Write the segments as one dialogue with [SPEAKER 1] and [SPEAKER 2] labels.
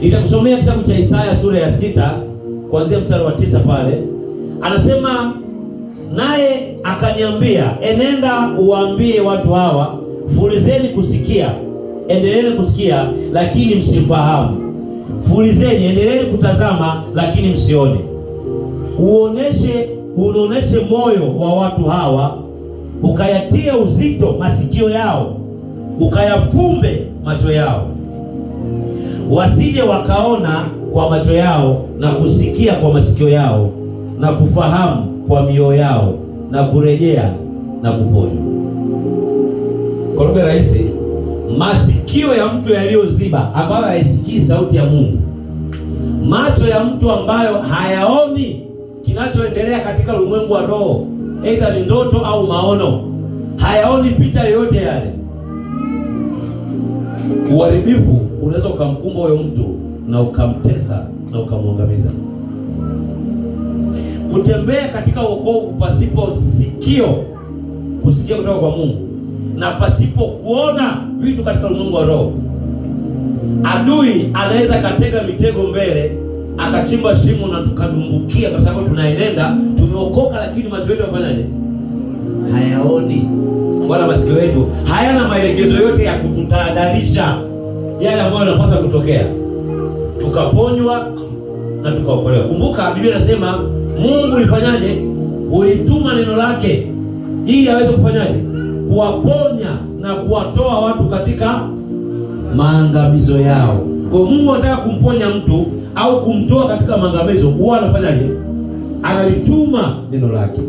[SPEAKER 1] Nitakusomea kitabu cha Isaya sura ya sita kuanzia mstari wa tisa pale. Anasema naye akaniambia, enenda uwaambie watu hawa, fulizeni kusikia, endeleeni kusikia lakini msifahamu, fulizeni, endeleeni kutazama lakini msione, uoneshe uoneshe moyo wa watu hawa, ukayatie uzito masikio yao, ukayafumbe macho yao wasije wakaona kwa macho yao na kusikia kwa masikio yao na kufahamu kwa mioyo yao na kurejea na kuponywa. Kwa lugha rahisi, masikio ya mtu yaliyoziba ambayo haisikii sauti ya Mungu, macho ya mtu ambayo hayaoni kinachoendelea katika ulimwengu wa roho, aidha ni ndoto au maono, hayaoni picha yoyote yale,
[SPEAKER 2] uharibifu unaweza ukamkumba huyo mtu na ukamtesa na ukamwangamiza.
[SPEAKER 1] Kutembea katika wokovu pasipo sikio kusikia kutoka kwa Mungu na pasipo kuona vitu katika ulimwengu wa roho, adui anaweza akatega mitego mbele akachimba shimo na tukadumbukia, kwa sababu tunaenenda tumeokoka, lakini macho yetu yafanyaje? Hayaoni, wala masikio yetu hayana maelekezo yote ya kututahadharisha yale ambayo yanapaswa kutokea, tukaponywa na tukaokolewa. Kumbuka Biblia inasema Mungu ulifanyaje? Ulituma neno lake ili aweze kufanyaje? Kuwaponya na kuwatoa watu katika maangamizo yao. Kwa Mungu anataka kumponya mtu au kumtoa katika maangamizo, huwa anafanyaje? Analituma neno lake.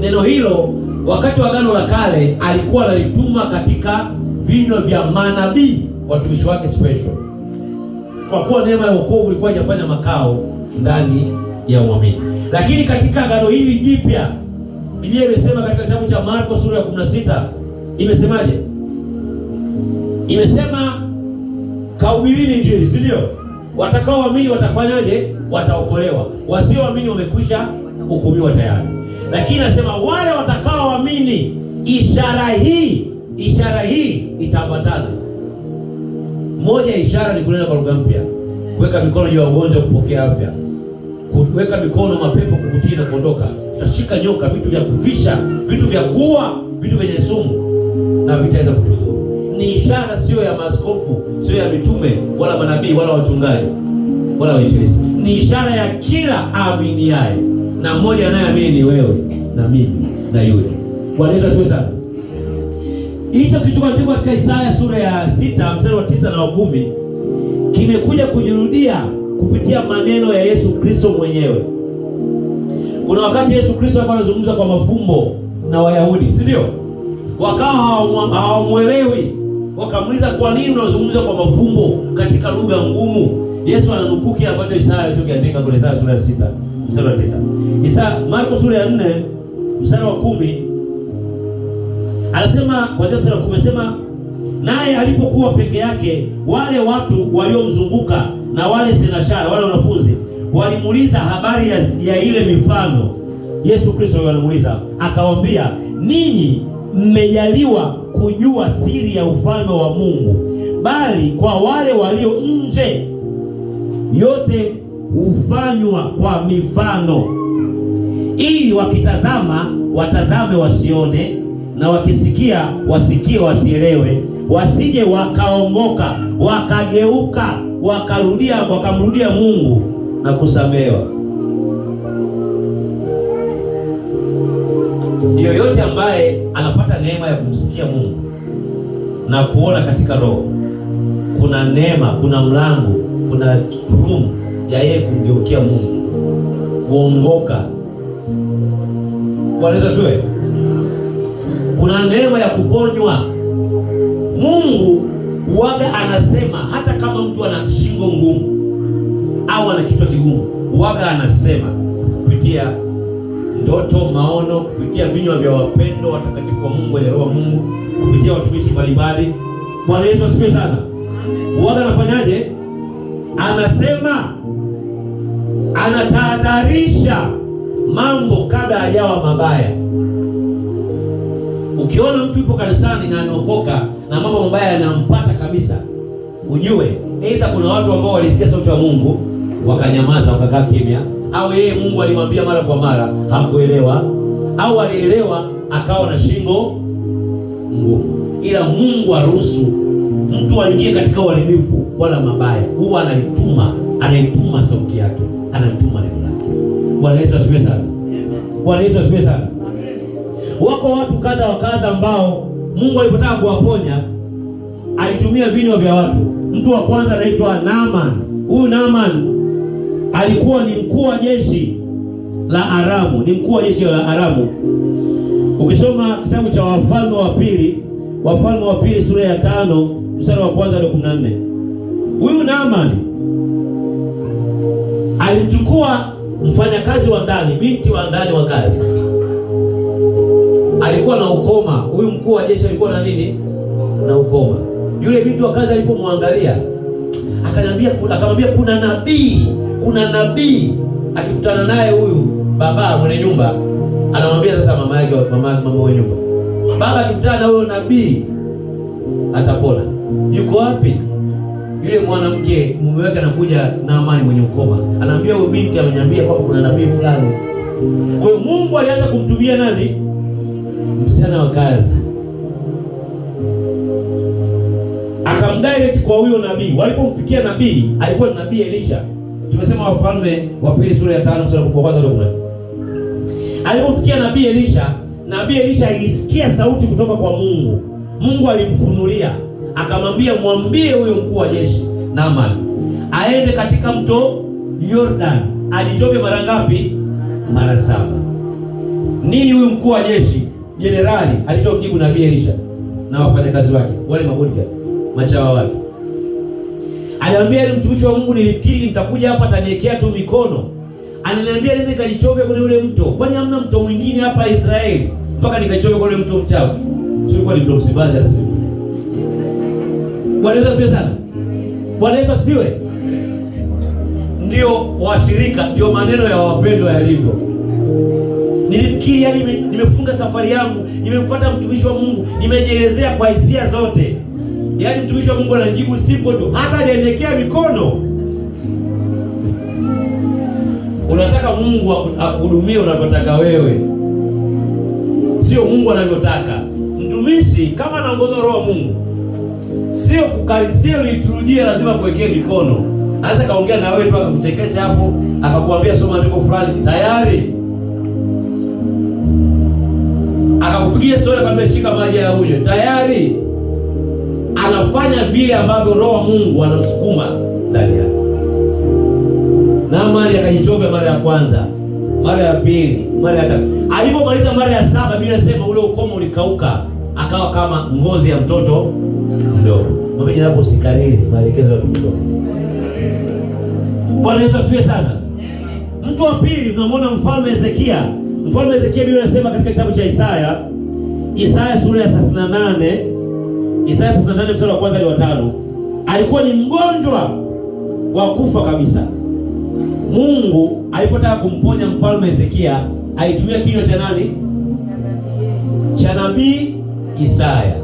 [SPEAKER 1] Neno hilo wakati wa Agano la Kale alikuwa analituma katika vinywa vya manabii watumishi wake special, kwa kuwa neema ya wokovu ilikuwa haijafanya makao ndani ya uamini. Lakini katika agano hili jipya, Biblia imesema katika kitabu cha Marko sura ya 16 imesemaje? Imesema kaubirini Injili, si ndio? Watakaoamini watafanyaje? Wataokolewa, wasioamini wamekwisha hukumiwa tayari. Lakini nasema wale watakaoamini, ishara hii, ishara hii itaambatana moja ya ishara ni kunena kwa lugha mpya, kuweka mikono juu ya ugonjwa, kupokea afya, kuweka mikono mapepo kukutii na kuondoka, utashika nyoka, vitu vya kuvisha vitu vya kuua, vitu vyenye sumu na vitaweza kutudhuru. Ni ishara sio ya maaskofu, sio ya mitume wala manabii wala wachungaji wala wainjilisti, ni ishara ya kila aminiaye, na mmoja anayeamini ni wewe na mimi na yule. Bwana Yesu asifiwe sana. Hicho kilichoandikwa katika Isaya sura ya sita mstari wa tisa na wa kumi kimekuja kujirudia kupitia maneno ya Yesu Kristo mwenyewe. Kuna wakati Yesu Kristo alikuwa anazungumza kwa mafumbo na Wayahudi, si ndio? Wakawa hawamwelewi, wakamuuliza kwa nini unazungumza kwa mafumbo katika lugha ngumu? Yesu ananukuu kile ambacho Isaya alichokiandika kule Isaya sura ya sita mstari wa tisa. Isaya Marko sura ya nne mstari wa kumi anasema kuanzia mstari wa kumi anasema naye alipokuwa peke yake, wale watu waliomzunguka na wale thenashara, wale wanafunzi walimuuliza habari ya, ya ile mifano. Yesu Kristo alimuuliza akawaambia, ninyi mmejaliwa kujua siri ya ufalme wa Mungu, bali kwa wale walio nje yote hufanywa kwa mifano, ili wakitazama watazame wasione na wakisikia wasikie, wasielewe, wasije wakaongoka, wakageuka, wakarudia, wakamrudia Mungu na kusamehewa. Yoyote ambaye anapata neema ya kumsikia Mungu na kuona katika Roho, kuna neema, kuna mlango, kuna room ya yeye kumgeukia Mungu, kuongoka. Bwana Yesu asifiwe kuna neema ya kuponywa. Mungu waga anasema hata kama mtu ana shingo ngumu au ana kichwa kigumu, waga anasema kupitia ndoto, maono, kupitia vinywa vya wapendo watakatifu wa Mungu, roho wa Mungu, kupitia watumishi mbalimbali. Bwana Yesu asifiwe sana. Waga anafanyaje? Anasema anatahadharisha mambo kabla hayajawa mabaya ukiona mtu yupo kanisani na anaokoka na mambo mabaya yanampata kabisa, ujue aidha kuna watu ambao walisikia sauti ya Mungu wakanyamaza, wakakaa kimya, au yeye Mungu alimwambia mara kwa mara hakuelewa, au alielewa akawa na shingo ngumu. Ila Mungu aruhusu mtu aingie katika uharibifu wala mabaya, huwa analituma, anaituma sauti yake, analituma neno lake. Bwana Yesu asifiwe sana. Bwana Yesu asifiwe sana. Wako watu kadha wa kadha ambao Mungu alipotaka kuwaponya alitumia vinywa vya watu. Mtu wa kwanza anaitwa Naaman. Huyu Naaman alikuwa ni mkuu wa jeshi la Aramu, ni mkuu wa jeshi la Aramu. Ukisoma kitabu cha Wafalme wa Pili, Wafalme wa Pili sura ya tano mstari wa kwanza hadi 14, huyu Naaman alimchukua mfanyakazi wa ndani, binti wa ndani wa kazi alikuwa na ukoma. Huyu mkuu wa jeshi alikuwa na nini? Na ukoma. Yule mtu wa kazi alipomwangalia akaniambia, akamwambia kuna nabii, kuna nabii akikutana naye huyu baba mwenye nyumba anamwambia sasa mama yake, mama mama wa nyumba, baba akikutana na huyo nabii atapona. Yuko wapi? Yule mwanamke mume wake anakuja na amani mwenye ukoma, anaambia huyo binti ameniambia kwamba kuna nabii fulani. Kwa hiyo Mungu alianza kumtumia nani? msichana wa kazi, akamdirect kwa huyo nabii. Walipomfikia nabii, alikuwa ni nabii Elisha. Tumesema Wafalme wa Pili sura ya 5 sura ya kwanza hadi Alipomfikia nabii Elisha, nabii Elisha alisikia sauti kutoka kwa Mungu. Mungu alimfunulia akamwambia, mwambie huyo mkuu wa jeshi Naaman aende katika mto Yordan ajichope mara ngapi? Mara saba. Nini huyu mkuu wa jeshi jenerali alichomjibu nabii Elisha na wafanyakazi wake wale mabodiga machawa wake, aliambia ile mtumishi wa Mungu, nilifikiri nitakuja hapa ataniwekea tu mikono, ananiambia nime kajichove kwenye ule mto, kwani hamna mto mwingine hapa Israeli mpaka nikajichove kwenye mto mchafu? Sio kwa ndio msibazi anasema. Bwana Yesu asifiwe sana. Bwana Yesu asifiwe. Ndio washirika, ndio maneno ya wapendwa yalivyo. Nilifikiri yaani nimefunga safari yangu, nimemfuata mtumishi wa Mungu, nimejielezea kwa hisia zote. Yaani mtumishi wa Mungu anajibu simple tu, hata hajanyenyekea mikono. Unataka Mungu akuhudumie unavyotaka wewe, sio Mungu anavyotaka. Mtumishi kama anaongoza roho Mungu, sio kukali, sio liturujia lazima kuwekea mikono. Anaweza kaongea na wewe tu akakuchekesha hapo, akakuambia soma andiko fulani tayari akakupigia sole kwambia ameshika maji ya unywe, tayari anafanya vile ambavyo roho wa Mungu anamsukuma ndani na mali akajichove mara ya kwanza, mara ya pili, mara ya tatu. Alipomaliza mara ya saba, Biblia inasema ule ukomo ulikauka, akawa kama ngozi ya mtoto mdogo. Mama hapo, usikariri maelekezo ya mtoto. Bwana Yesu asifiwe sana. Mtu wa pili tunamwona mfalme Hezekia Mfalme Hezekia Biblia inasema katika kitabu cha Isaya, Isaya sura ya 38, Isaya 38 mstari wa kwanza hadi wa alikuwa ni mgonjwa wa kufa kabisa. Mungu alipotaka kumponya mfalme Hezekia aitumia kinywa cha nani? Cha nabii Isaya.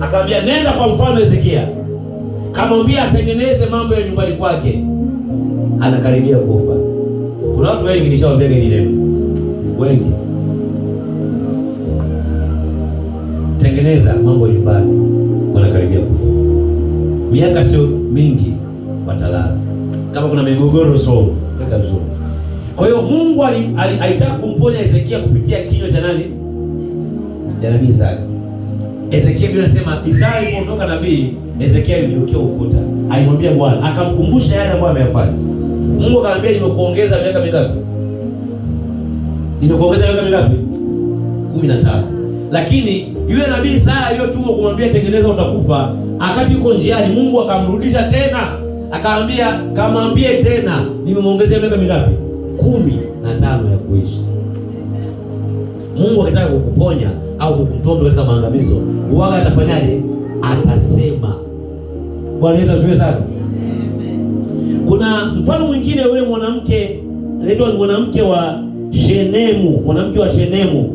[SPEAKER 1] Akamwambia, nenda kwa mfalme Hezekia, kamwambia atengeneze mambo ya nyumbani kwake, anakaribia kufa. Kuna watu wengi nishawaambia hili neno wengi, tengeneza mambo nyumbani, wanakaribia kufa. Miaka sio mingi, watalala. Kama kuna migogoro soma, weka vizuri. Kwa hiyo Mungu alitaka kumponya Ezekia kupitia kinywa cha nani? Cha nabii Isaya. Hezekia Biblia inasema Isaya alipoondoka nabii, Hezekia aligeukia ukuta. Alimwambia Bwana, akamkumbusha yale ambayo ameyafanya. Mungu akamwambia nimekuongeza miaka mingapi? Nimekuongeza yote na 15. Lakini yule nabii Isaya aliyotumwa kumwambia tengeneza, utakufa, akati yuko njiani, Mungu akamrudisha tena, akaambia kamwambie tena, nimemwongezea miaka mingapi? kumi na tano ya kuishi. Mungu akitaka kukuponya au kukutoa katika maangamizo, uwaga atafanyaje? Atasema. Bwana Yesu asifiwe sana. Kuna mfano mwingine, yule mwanamke anaitwa mwanamke wa Shenemu, mwanamke wa Shenemu,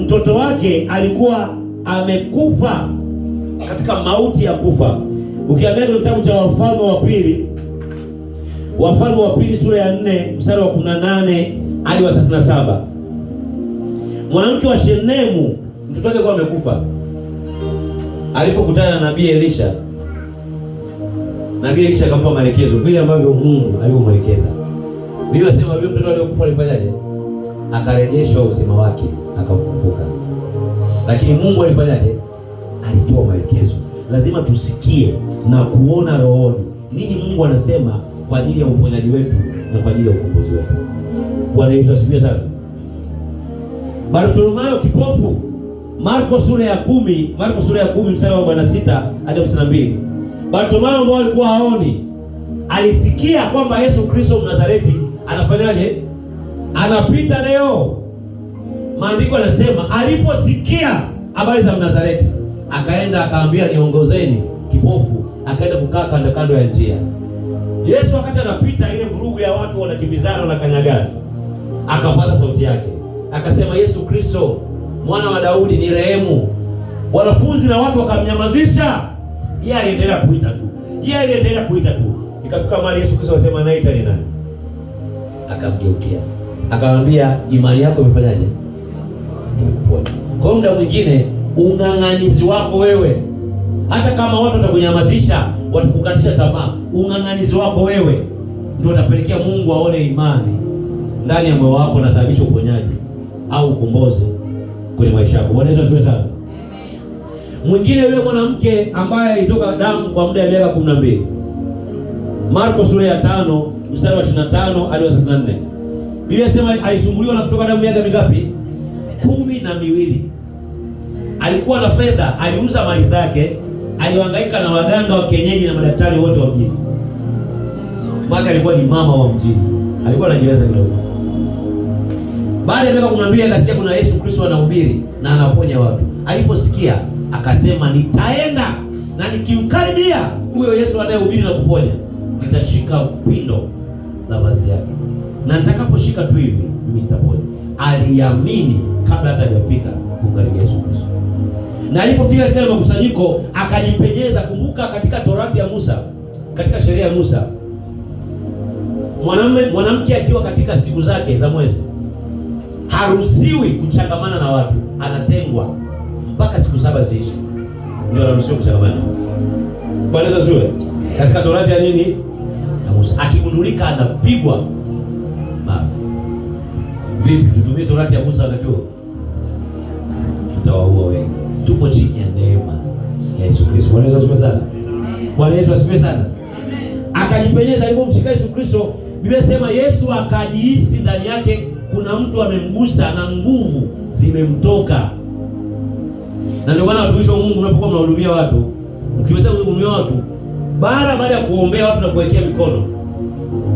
[SPEAKER 1] mtoto wake alikuwa amekufa katika mauti ya kufa. Ukiangalia kwenye kitabu cha Wafalme wa Pili, Wafalme wa Pili sura ya 4 mstari wa 18 hadi wa 37, mwanamke wa Shenemu mtoto wake alikuwa amekufa alipokutana na nabii Elisha. Nabii Elisha akampa maelekezo vile ambavyo Mungu alivyomwelekeza. Biblia inasema yule mtoto aliyokufa alifanyaje? akarejeshwa uzima wake akafufuka. Lakini Mungu alifanyaje? Alitoa maelekezo. Lazima tusikie na kuona rohoni nini Mungu anasema kwa ajili ya uponyaji wetu na kwa ajili ya ukombozi wetu. Bwana Yesu asifiwe sana. bartolomayo kipofu, Marko sura ya kumi, Marko sura ya kumi mstari wa arobaini na sita hadi hamsini na mbili. ambao alikuwa haoni alisikia kwamba Yesu Kristo Mnazareti anafanyaje anapita leo. Maandiko anasema aliposikia habari za Mnazareti, akaenda akaambia, niongozeni kipofu. Akaenda kukaa kando kando ya njia. Yesu wakati anapita, ile vurugu ya watu wanakimbizana na kanyagani, akapaza sauti yake akasema, Yesu Kristo mwana wa Daudi ni rehemu. Wanafunzi na watu wakamnyamazisha, yeye aliendelea kuita tu, yeye aliendelea kuita tu. Ikafika mahali Yesu Kristo akasema, naita ni nani? Akamgeukia akamwambia imani yako imefanyaje? Kwa muda mwingine ung'ang'anizi wako wewe, hata kama watu watakunyamazisha, watakukatisha tamaa, ung'ang'anizi wako wewe ndio utapelekea Mungu aone imani ndani ya moyo wako na uponyaji au ukombozi kwenye maisha yako. Bwana Yesu asifiwe sana. Mwingine yule mwanamke ambaye alitoka damu kwa muda wa miaka kumi na mbili Marko sura ya tano mstari wa 25 hadi 34. Biblia sema alisumbuliwa na kutoka damu miaka mingapi? Kumi na miwili. Alikuwa na fedha, aliuza mali zake, aliwangaika na waganga wa kienyeji na madaktari wote wa mjini. Maka alikuwa ni mama wa mjini, alikuwa anajiweza kidogo. Baada ya miaka kumi na mbili akasikia kuna Yesu Kristo anahubiri na anaponya watu. Aliposikia akasema, nitaenda na nikimkaribia huyo Yesu anayehubiri na kuponya nitashika pindo la vazi yake na nitakaposhika tu hivi mimi nitapona. Aliamini kabla hata hajafika kumkaribia Yesu Kristo, na alipofika katika makusanyiko akajipenyeza. Kumbuka katika torati ya Musa, katika sheria ya Musa, mwanamume mwanamke akiwa katika siku zake za mwezi haruhusiwi kuchangamana na watu, anatengwa mpaka siku saba ziishi, ndio anaruhusiwa kuchangamana. Bwana Yesu katika torati ya nini ya Musa, akigundulika anapigwa Vipi, tutumie torati ya Musa wakati huo? Tutawaua wengi. Tupo chini ya neema ya Yesu Kristo. Bwana Yesu asifiwe sana. Bwana Yesu asifiwe sana. Akajipenyeza alipomshika Yesu Kristo, Biblia inasema Yesu akajihisi ndani yake kuna mtu amemgusa na nguvu zimemtoka. Na ndio maana watumishi wa Mungu unapokuwa mnahudumia watu, ukiweza kuhudumia watu, bara baada ya kuombea watu na kuwekea mikono,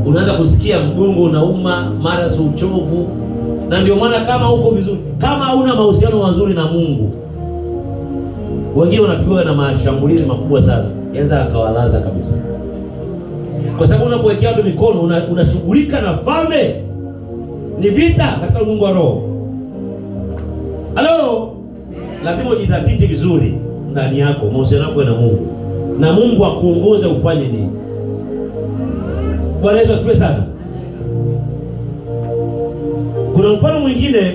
[SPEAKER 1] unaanza kusikia mgongo unauma, mara si uchovu na ndio maana kama uko vizuri, kama hauna mahusiano mazuri na Mungu, wengine wanapigwa na mashambulizi makubwa sana, yanza akawalaza kabisa, kwa sababu unapowekea watu mikono, unashughulika una na falme. Ni vita katika Mungu wa roho. Halo, lazima ujidhatiti vizuri ndani yako, mahusiano yako na Mungu, na Mungu akuongoze ufanye nini. Bwana Yesu asifiwe sana. Kuna mfano mwingine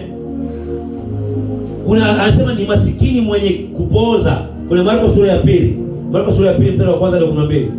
[SPEAKER 1] kuna anasema ni masikini mwenye kupoza. Kuna Marko sura ya pili, Marko sura ya pili mstari wa kwanza hadi kumi na mbili.